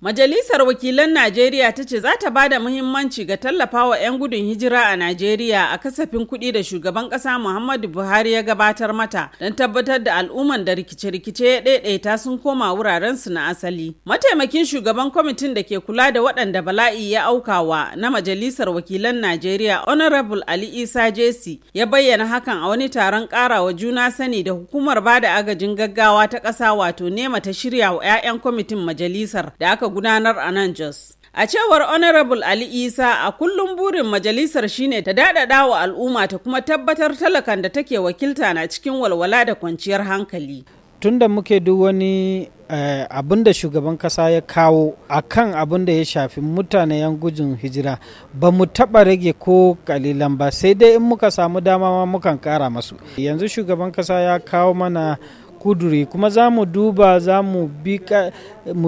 Majalisar Wakilan Najeriya ta ce za ta ba da muhimmanci ga tallafawa 'yan gudun hijira a Najeriya a kasafin kuɗi da shugaban ƙasa Muhammadu Buhari ya gabatar mata don tabbatar da al'umman da rikice-rikice ya ɗaiɗaita sun koma wurarensu na asali. Mataimakin shugaban kwamitin da ke kula da waɗanda bala'i ya aukawa na Majalisar Wakilan Najeriya Honorable Ali Isa Jesi ya bayyana hakan a wani taron ƙarawa juna sani da hukumar bada agajin gaggawa ta ƙasa wato nema ta shirya wa 'ya'yan kwamitin majalisar da aka gudanar a nan Jos. A cewar Honorable Ali Isa a kullum burin majalisar shine ta daɗaɗa wa al'umma ta kuma tabbatar talakan da take wakilta na cikin walwala da kwanciyar hankali. Tunda muke duk wani eh, abin da shugaban kasa ya kawo a kan abin da ya shafi mutane yan gujin hijira ba mu taɓa rage ko kalilan ba sai dai in muka samu dama ma mukan kara masu. Yanzu shugaban kasa ya kawo mana kuduri kuma za mu duba za mu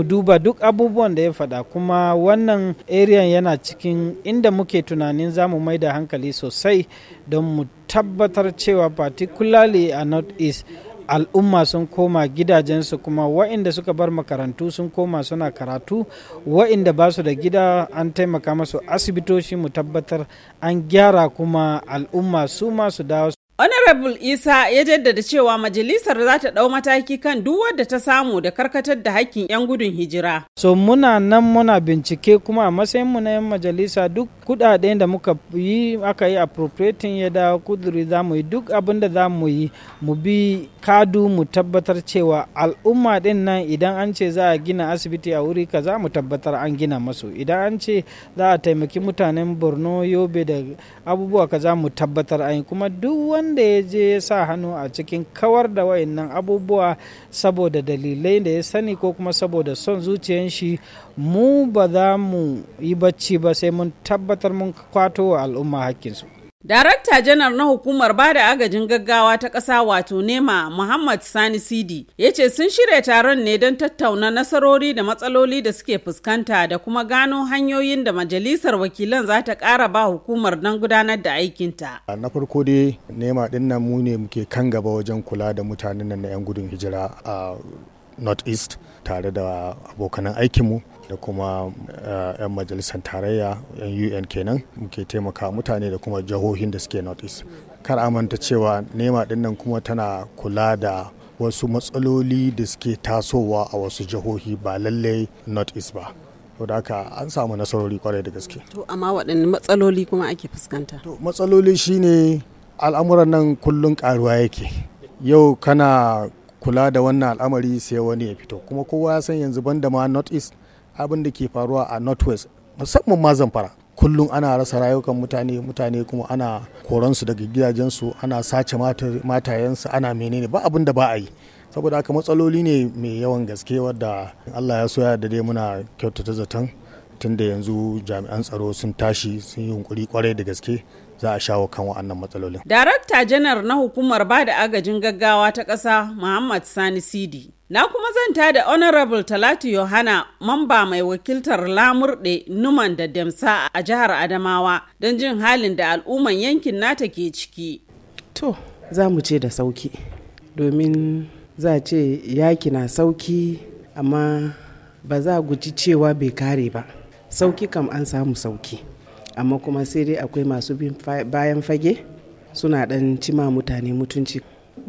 duba duk abubuwan da ya faɗa kuma wannan area yana cikin inda muke tunanin za mu mai da hankali sosai don mu tabbatar cewa particularly a north east al'umma sun koma gidajensu kuma wa'inda suka bar makarantu sun koma suna karatu wa'inda ba su da gida an taimaka masu asibitoshi, mu tabbatar an gyara kuma al'umma su masu su dawo Honorable Isa ya jaddada cewa majalisar za ta ɗau mataki kan duk wadda ta samu da karkatar da hakkin 'yan gudun hijira. So muna nan muna bincike kuma a mu na 'yan majalisa duk kudaden da muka yi aka yi appropriating ya da kuduri za mu yi duk abin da za mu yi mu bi kadu mu tabbatar cewa al'umma din nan idan an ce za a gina asibiti a wuri kaza mu tabbatar an gina masu idan an ce za a taimaki mutanen borno yobe da abubuwa kaza mu tabbatar an yi kuma duk wanda ya je ya sa hannu a cikin kawar da wayannan abubuwa saboda dalilai da ya sani ko kuma saboda son zuciyan shi mu ba za mu yi bacci ba sai mun tabbatar tabbatar mun kwato wa al'umma hakkinsu. Darakta janar na hukumar bada agajin gaggawa ta ƙasa wato nema Muhammad Sani Sidi ya ce sun shirya taron ne don tattauna nasarori da matsaloli da suke fuskanta da kuma gano hanyoyin da majalisar wakilan za ta ƙara ba hukumar don gudanar da aikinta. Na farko dai nema ɗin mu ne muke kan gaba wajen kula da mutanen nan na 'yan gudun hijira a North East tare da abokanan aikinmu da kuma eh, 'yan majalisar tarayya 'yan un kenan muke taimaka mutane da kuma jihohin da suke northeast kar amanta cewa nema dinnan kuma tana kula da wasu matsaloli da suke tasowa a wasu jihohi ba lallai northeast ba da haka an samu nasarori kwarai da gaske to amma waɗanne matsaloli kuma ake fuskanta to matsaloli shine al'amuran nan kullum karuwa yake yau kana kula da wannan al'amari sai wani ya fito kuma kowa ya san yanzu banda ma north east abin da ke faruwa a northwest musamman ma zamfara kullum ana rasa rayukan mutane mutane kuma ana koransu daga gidajensu ana sace matayensu ana menene ba abin da ba a yi saboda haka matsaloli ne mai yawan gaske wadda allah ya soya da dai muna kyautata zaton tunda yanzu jami'an tsaro sun tashi sun yi yunkuri kwarai da gaske za a shawo kan wa'annan matsalolin. Darakta janar na hukumar ba da agajin gaggawa ta ƙasa Muhammad Sani Sidi. Na kuma zanta da Honorable Talatu Yohana mamba mai wakiltar Lamurɗe Numan da Demsa a jihar Adamawa don jin halin da al'umman yankin nata ke ciki. To, za mu ce da sauki domin za ce yaki na sauki amma ba za guji cewa bai kare ba. sauki kam an samu sauki amma kuma sai dai akwai masu bin bayan fage suna dan cima mutane mutunci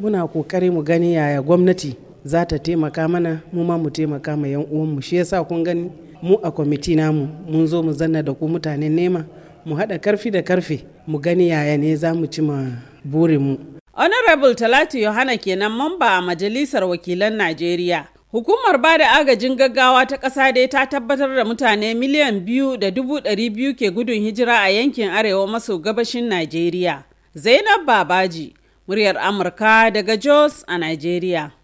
muna kokari mu gani yaya gwamnati za ta taimaka mana mu ma mu taimaka ma yan uwanmu shi yasa kun gani mu a kwamiti namu mun zo mu zanna da ku mutanen nema mu haɗa karfi da karfe mu gani yaya ne za mu cima burinmu honorable talatu yohana kenan mamba a majalisar wakilan najeriya Hukumar ba da agajin gaggawa ta ƙasa dai ta tabbatar da mutane miliyan biyu da dubu ɗari biyu ke gudun hijira a yankin arewa maso gabashin Najeriya. Zainab Babaji, muryar Amurka daga Jos a Najeriya.